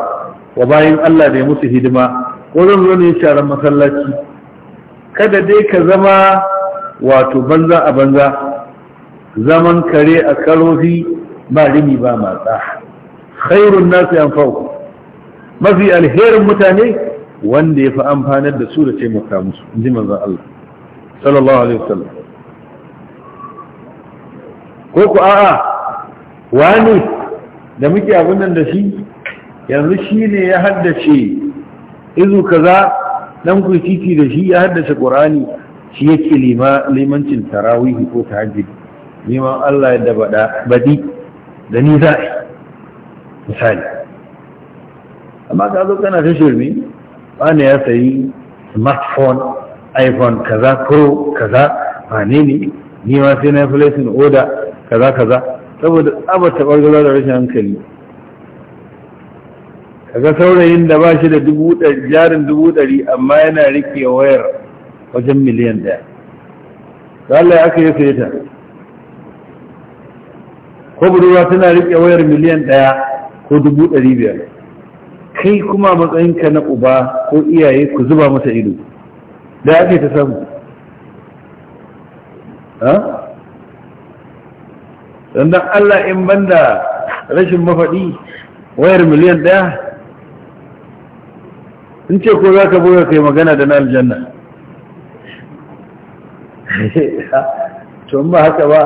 wa bayan Allah da ya musu hidima ko zan zo ne sharan masallaci kada dai ka zama wato banza a banza zaman kare a karofi ba rimi ba matsa khairun nasu yan mafi alherin mutane wanda ya fi amfanar da su da taimaka musu in ji manzan Allah sallallahu alaihi wasallam ko ku a'a wani da muke abin nan da shi yanzu shi ne ya haddace izu kaza dan ku titi da shi ya haddace qur'ani shi yake limancin tarawihi ko tahajjud neman Allah ya dabada badi da ni za misali amma ka zo kana ta shirme wani ya sayi smartphone iphone kaza pro kaza wane ne ni ma sai na fi laifin oda kaza kaza saboda tsabata ɓargarar da rashin hankali kaga saurayin da ba shi da jarin dubu ɗari amma yana rike wayar wajen miliyan ɗaya lallai aka yi sai ta ko budurwa tana rike wayar miliyan ɗaya ko dubu ɗari biyar kai kuma matsayinka na uba ko iyaye ku zuba mata ido da ake ta samu don don Allah in banda rashin mafaɗi wayar miliyan ɗaya in ce ko za ka buga kai magana da na aljanna *laughs* to ba haka ba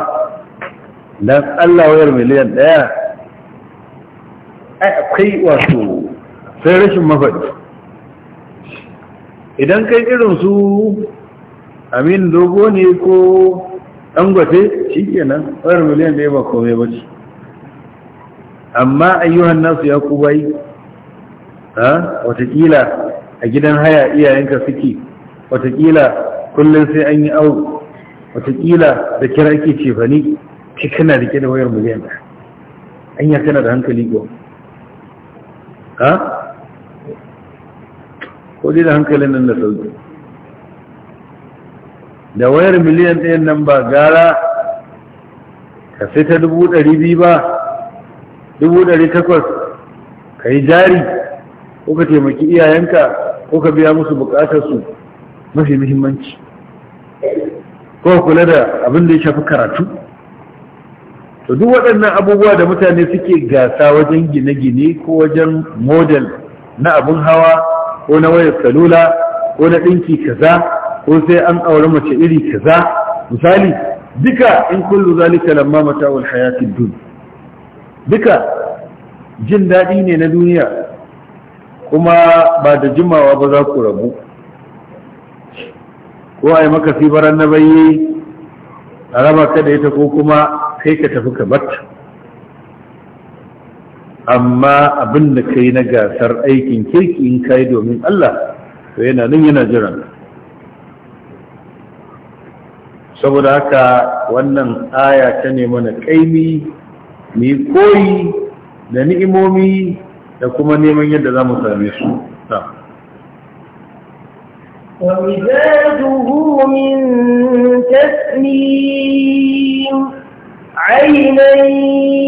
don Allah wayar miliyan ɗaya akwai wasu sai rashin mafaɗi idan kai irin su amin dogo ne ko dangote shi nan wayar miliyan da ya ba kome ba ce amma ayyuhan nasu ya ku bai ha watakila a gidan haya iyayenka suke watakila kullum sai an yi au watakila da kira ake cefani ki kana rike da wayar miliyan da an yi kana da hankali ko ha ko dai da hankalin nan da sauki da wayar miliyan ɗayan nan ba gara ka fita dubu ɗari biyu ba dubu ɗari takwas ka yi jari ko ka taimaki iyayenka ko ka biya musu buƙatarsu mafi muhimmanci ko kula da abin da ya shafi karatu to duk waɗannan abubuwa da mutane suke gasa wajen gine-gine ko wajen model na abin hawa ko na wayar salula ko na ɗinki kaza ko sai an aure mace iri kaza misali duka in kullu zalika lamma mata'ul hayatid dunya duka jin daɗi ne na duniya kuma ba da jimawa ba za ku rabu ko ai maka sibaran na bayi a raba ka da ita ko kuma kai ka tafi ka batta amma abin da kai na gasar aikin kirki in kai domin Allah to yana nan yana jiran saboda haka wannan aya ta ne mana kaimi mai koyi da ni'imomi da kuma neman yadda za mu same su ومزاجه من تسليم عينا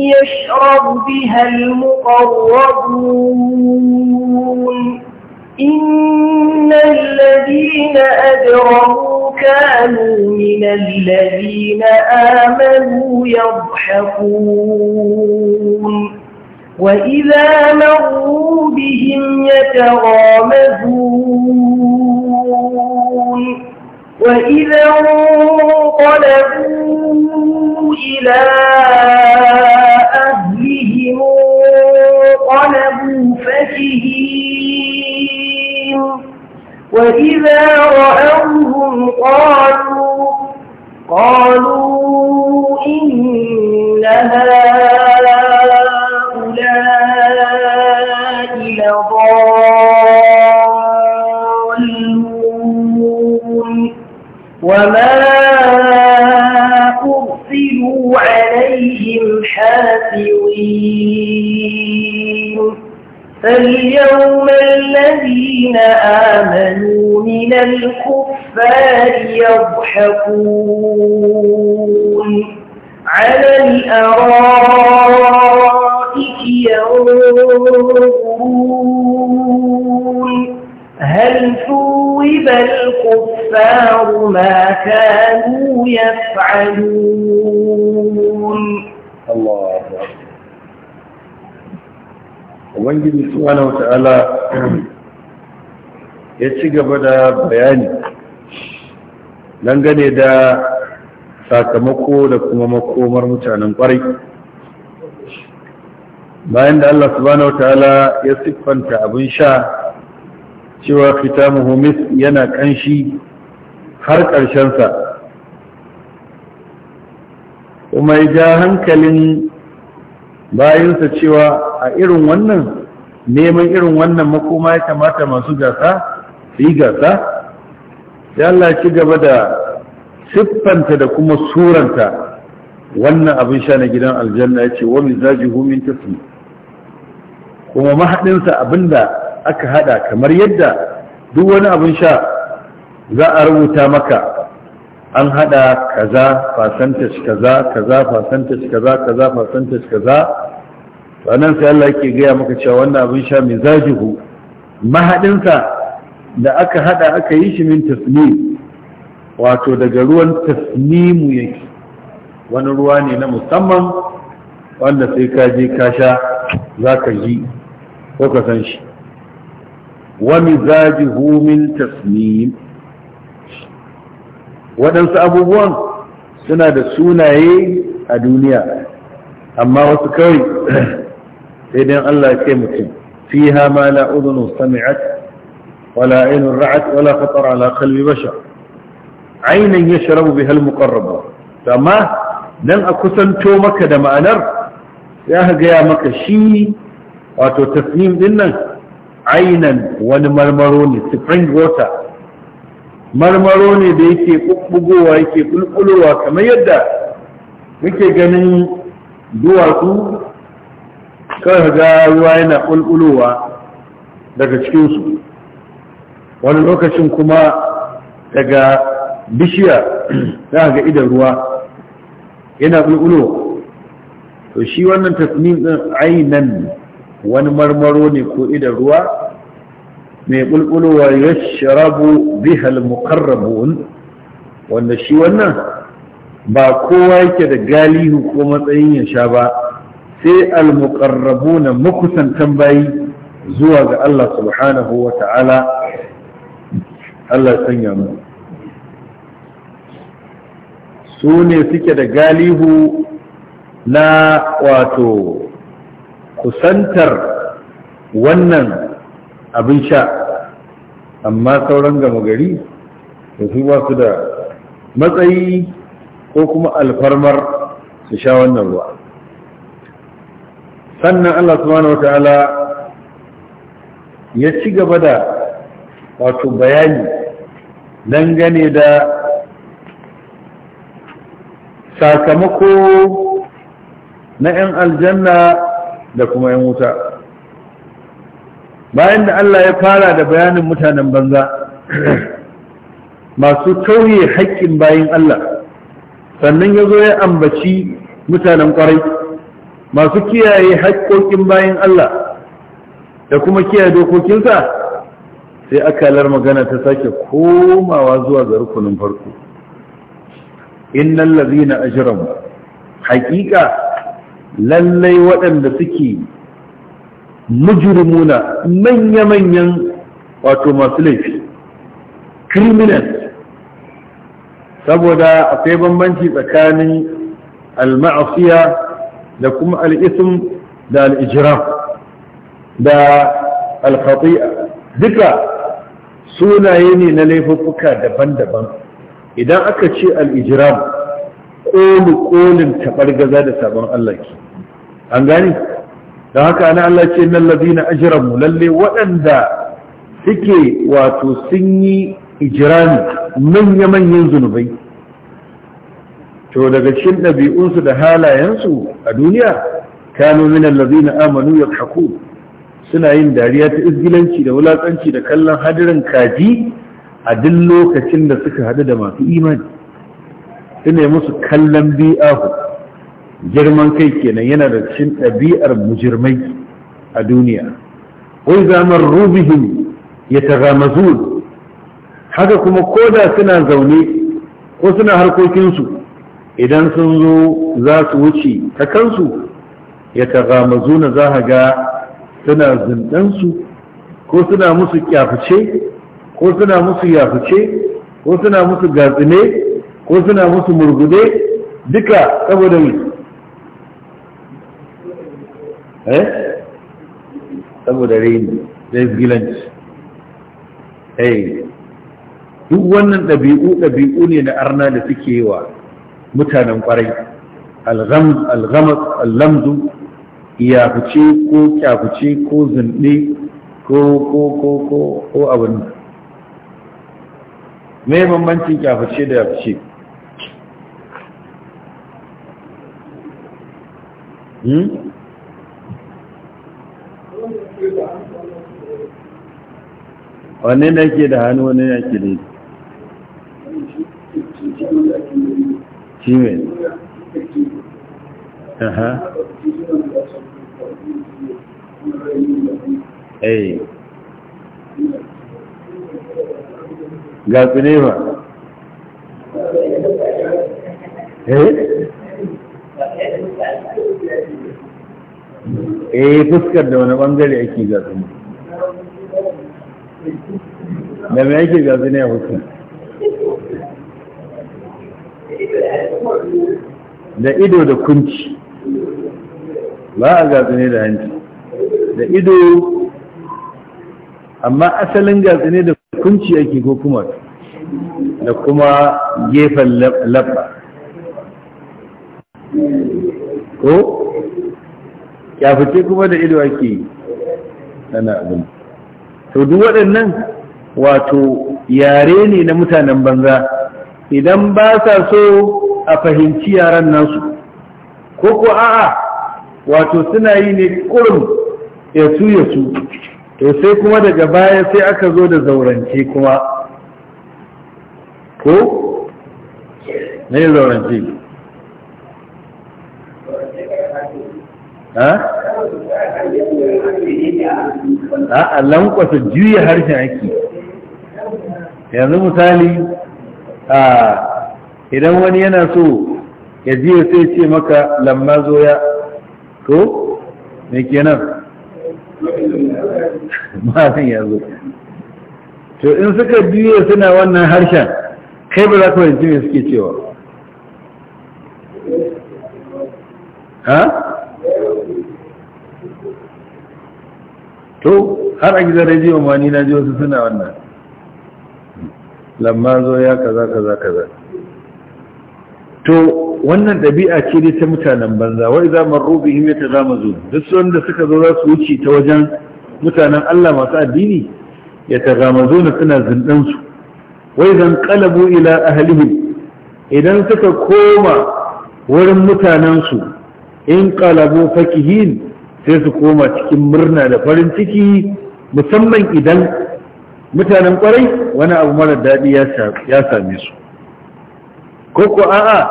يشرب بها المقربون إن الذين أجرموا كانوا من الذين آمنوا يضحكون وإذا مروا بهم يتغامزون وإذا انقلبوا إلى أهل انقلبوا فكهين وإذا رأوهم قالوا قالوا إن هؤلاء فاليوم الذين آمنوا من الكفار يضحكون على الأرائك ينظرون هل ثوب الكفار ما كانوا يفعلون ubangiji subhanahu ta'ala ya ci gaba da bayani dangane da sakamako da kuma makomar mutanen kwarai bayan da Allah subhanahu ta'ala ya siffanta abin sha cewa fita mis yana kanshi har ƙarshensa kuma ya ja hankalin bayansa cewa a irin wannan neman irin wannan makoma ya kamata masu gasa su yi gasa ya Allah ci gaba da siffanta da kuma suranta wannan abin sha na gidan aljanna ya ce wa mizajihu min tasmi kuma mahaɗinsa abinda aka hada kamar yadda duk wani abin sha za a rubuta maka an hada kaza fasantash kaza kaza fasantash kaza kaza fasantash kaza Wannan sai Allah yake gaya maka cewa wannan abin sha mai zajihu mahaɗinsa da aka haɗa aka yi shi min tasnim wato daga ruwan tasnimu yake wani ruwa ne na musamman wanda sai ka je ka sha za ka ji ko ka san shi wa mizajihu min tasnim waɗansu abubuwan suna da sunaye a duniya amma wasu kawai sai dai Allah ya ce mutum fiha ma la udhunu sami'at wala aynun ra'at wala khatar ala qalbi bashar aynan yashrabu biha al amma dan a kusanto maka da ma'anar ya ga ya maka shi wato tasnim din nan aynan wani marmaro ne spring water marmaro ne da yake bubbugowa yake bulbulowa kamar yadda muke ganin duwatsu kawai ga ruwa yana ƙulƙulowa daga cikinsu wani lokacin kuma daga bishiya za ga idan ruwa yana ƙulƙulowa to shi wannan tasmin ɗin ainan wani marmaro ne ko idan ruwa mai ƙulƙulowa ya sharabu bihal muqarrabun wanda shi wannan ba kowa yake da galihu ko matsayin ya sha ba sai al-muqarrabuna makusantan bayi zuwa ga Allah subhanahu wa ta'ala Allah sanya mu su ne suke da galihu na wato kusantar wannan abin sha amma sauran gama gari da su ba su da matsayi ko kuma alfarmar su sha wannan ruwa sannan Allah subhanahu wata'ala ya ci gaba da wato bayani dangane da sakamako na 'yan aljanna da kuma 'yan wuta bayan da Allah ya fara da bayanin mutanen banza masu tauye haƙƙin bayan Allah sannan ya zo ya ambaci mutanen ƙwarai masu kiyaye haƙƙoƙin bayan Allah da kuma kiyaye dokokinsa sai akalar magana ta sake komawa zuwa ga rukunin farko innal ladhina ajramu Haƙiƙa, lallai waɗanda suke mujrimuna manya-manyan wato masu laifi criminals saboda akwai bambanci tsakanin al da kuma al'isim da al'ijiram da alkhati'a duka sunaye ne na laifuka daban-daban idan aka ce al'ijiram ƙoli-ƙolin taɓargaza da sabon Allah ke an gani don haka na Allah ce nan labina ajiramu lalle waɗanda suke wato sun yi ijirami manya-manyan zunubai to daga cikin ɗabi'unsu da halayensu a duniya kanu min allazina amanu yadhaku suna yin dariya ta izgilanci da wulatsanci da kallon hadirin kaji a duk lokacin da suka hadu da masu imani suna musu kallon bi'a girman kai kenan yana da cikin ɗabi'ar mujirmai a duniya wai zaman rubihim ya haka kuma koda suna zaune ko suna harkokinsu idan sun zo za su wuce ta kansu ya tagamazu na za a ga suna zindansu ko suna musu kyafice ko suna musu yafice ko suna musu gatsine ko suna musu murgude duka saboda mai eh saboda rain da gilanci eh duk wannan ɗabi'u ɗabi'u ne na arna da suke yi wa mutanen kwarai alghamas allamdu iyakuce ko kyakuce ko zunde ko ko ko ko ko abin me bambancin kyakuce da yakuce hmm? wanne na ke da hannu wanne na ke da जीवन गलत नहीं हुआ पुष्कर अंदर एक ही गलत मैं एक ही गलत नहीं Pushkar da ido da kunci ba a gatsune da hanci da ido amma asalin gatsune da kunci ake ko kuma da kuma gefen labba ko kyafice kuma da ido ake yi abin to duk waɗannan wato yare ne na mutanen banza idan ba sa so a fahimci yaran nasu ko ko a'a wato suna yi ne kurum ya su ya su to sai kuma daga baya sai aka zo da zaurance kuma ko ne zaurance ha? a lankwasa juya harshen ake yanzu misali idan wani yana so ya ji sai ce maka lamma zoya to me kenan *laughs* mafin ya zo to in suka biye suna wannan harshen kai ba za ka wani me suke cewa ha to har a gidan rediyo ma ni na ji wasu suna wannan lamma zo ya kaza kaza kaza to wannan ɗabi'a ce dai ta mutanen banza wai za ta bihim yatazamazu duk wanda suka zo za su wuce ta wajen mutanen Allah masu addini yatazamazuna suna zindan su wai zan qalabu ila ahlihim idan suka koma wurin mutanen su in qalabu fakihin sai su koma cikin murna da farin ciki musamman idan mutanen kwarai wani abu mara daɗi ya same su ko ko a'a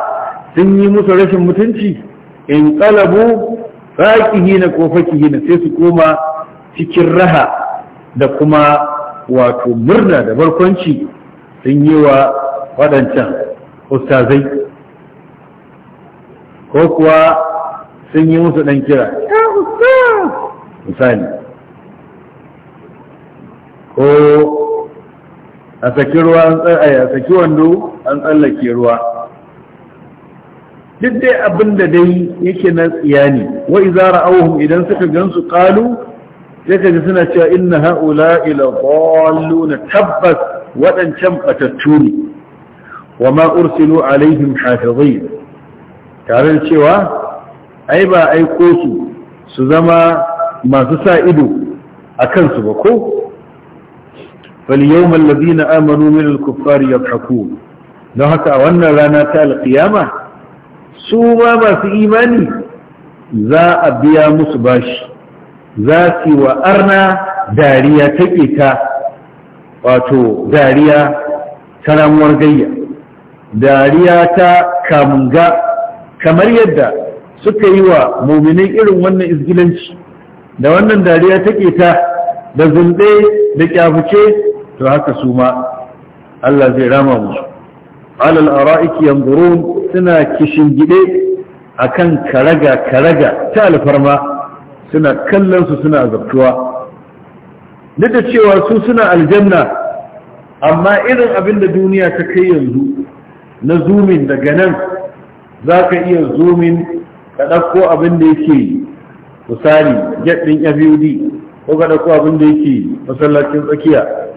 sun yi musu rashin mutunci in ƙalabu hina ko hina sai su koma cikin raha da kuma wato murna da barkwanci sun yi wa waɗancan ustazai ko kuwa sun yi musu ɗan kira misali ko a saki ruwa an tsallake a saki wando an tsallake ruwa duk dai abin da dai yake na tsiya ne wa iza ra'awhum idan suka gansu qalu sai ji suna cewa inna haula ila dalluna tabbas wadancan batattu ne wa ma ursilu alaihim hafizin tare da cewa ai ba aiko su su zama masu sa ido a kansu ba ko فاليوم الذين آمنوا من الكفار يضحكون don haka a wannan rana ta alkiyama su ma masu imani za a biya musu bashi za su wa arna dariya ta ƙeta wato dariya ta ramuwar gayya dariya ta ga. kamar yadda suka yi wa muminin irin wannan izgilanci da wannan dariya ta ƙeta da zunɗe da kyafuce to haka su ma Allah zai rama musu alal ara'iki yanzurun suna kishin gide akan karaga karaga ta alfarma suna kallon su suna zartuwa. duk da cewa su suna aljanna amma irin abin da duniya ta kai yanzu na zumin daga nan za ka iya zumin ka ɗauko abin da yake misali jet ɗin fud ko ka ɗauko abin da yake masallacin tsakiya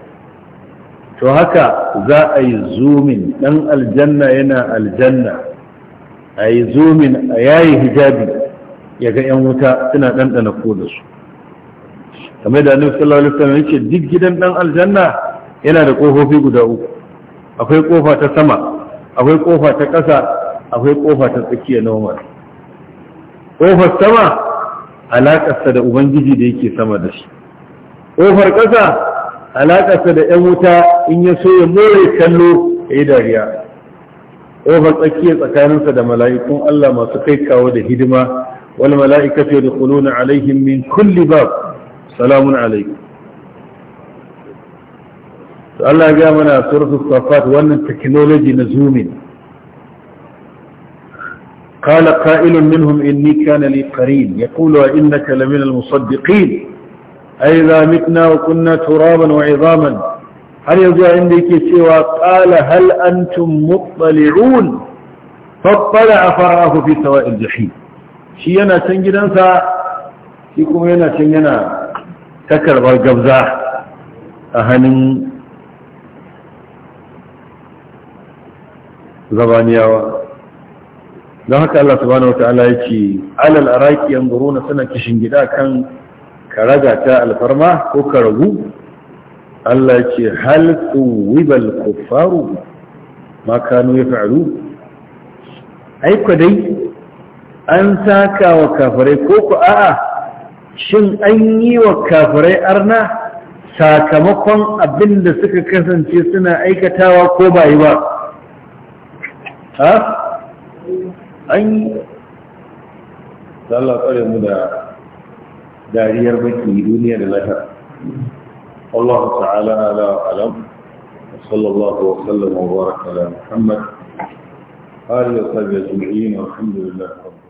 to haka za a yi zumin ɗan aljanna yana aljanna a yi zumin a yayi hijabi ya ga 'yan wuta suna ɗanɗana ko da su kamar da annabi sallallahu alaihi wasallam yake duk gidan ɗan aljanna yana da ƙofofi guda uku akwai ƙofa ta sama akwai ƙofa ta ƙasa akwai ƙofa ta tsakiya normal ƙofar sama alaƙarsa da ubangiji da yake sama da shi ƙofar ƙasa alakarsa da 'yan wuta in ya so ya more kallo ya yi dariya ƙofar tsakiya tsakaninsa da mala'ikun Allah masu kai kawo da hidima wal mala'ikatu na alaihim min kulli bab salamun alaikum to Allah ya mana suratul safat wannan technology na zooming قال قائل منهم إني كان لي قرين يقول وإنك لمن المصدقين ai za mitna wa kunna turaban wa izaman har yanzu yayin da yake cewa qala hal antum muttali'un fattala afarahu fi sawa'il jahim shi yana can gidansa shi kuma yana can yana ta karbar gabza a hannun zabaniyawa don haka Allah subhanahu wa ta'ala ya ce alal araki yanzuruna suna kishin gida kan ka raga ta alfarma ko ka ragu Allah ce hal tsuwibal kuffaru ma ya faru aiko dai an saka wa kafirai ko ku a'a shin an yi wa kafirai arna sakamakon abin da suka kasance suna aikatawa ko ba yi ba ha an yi mu da داريار بكي دنيا لها الله تعالى على علم صلى الله وسلم وبارك على محمد آل وصحبه أجمعين والحمد لله رب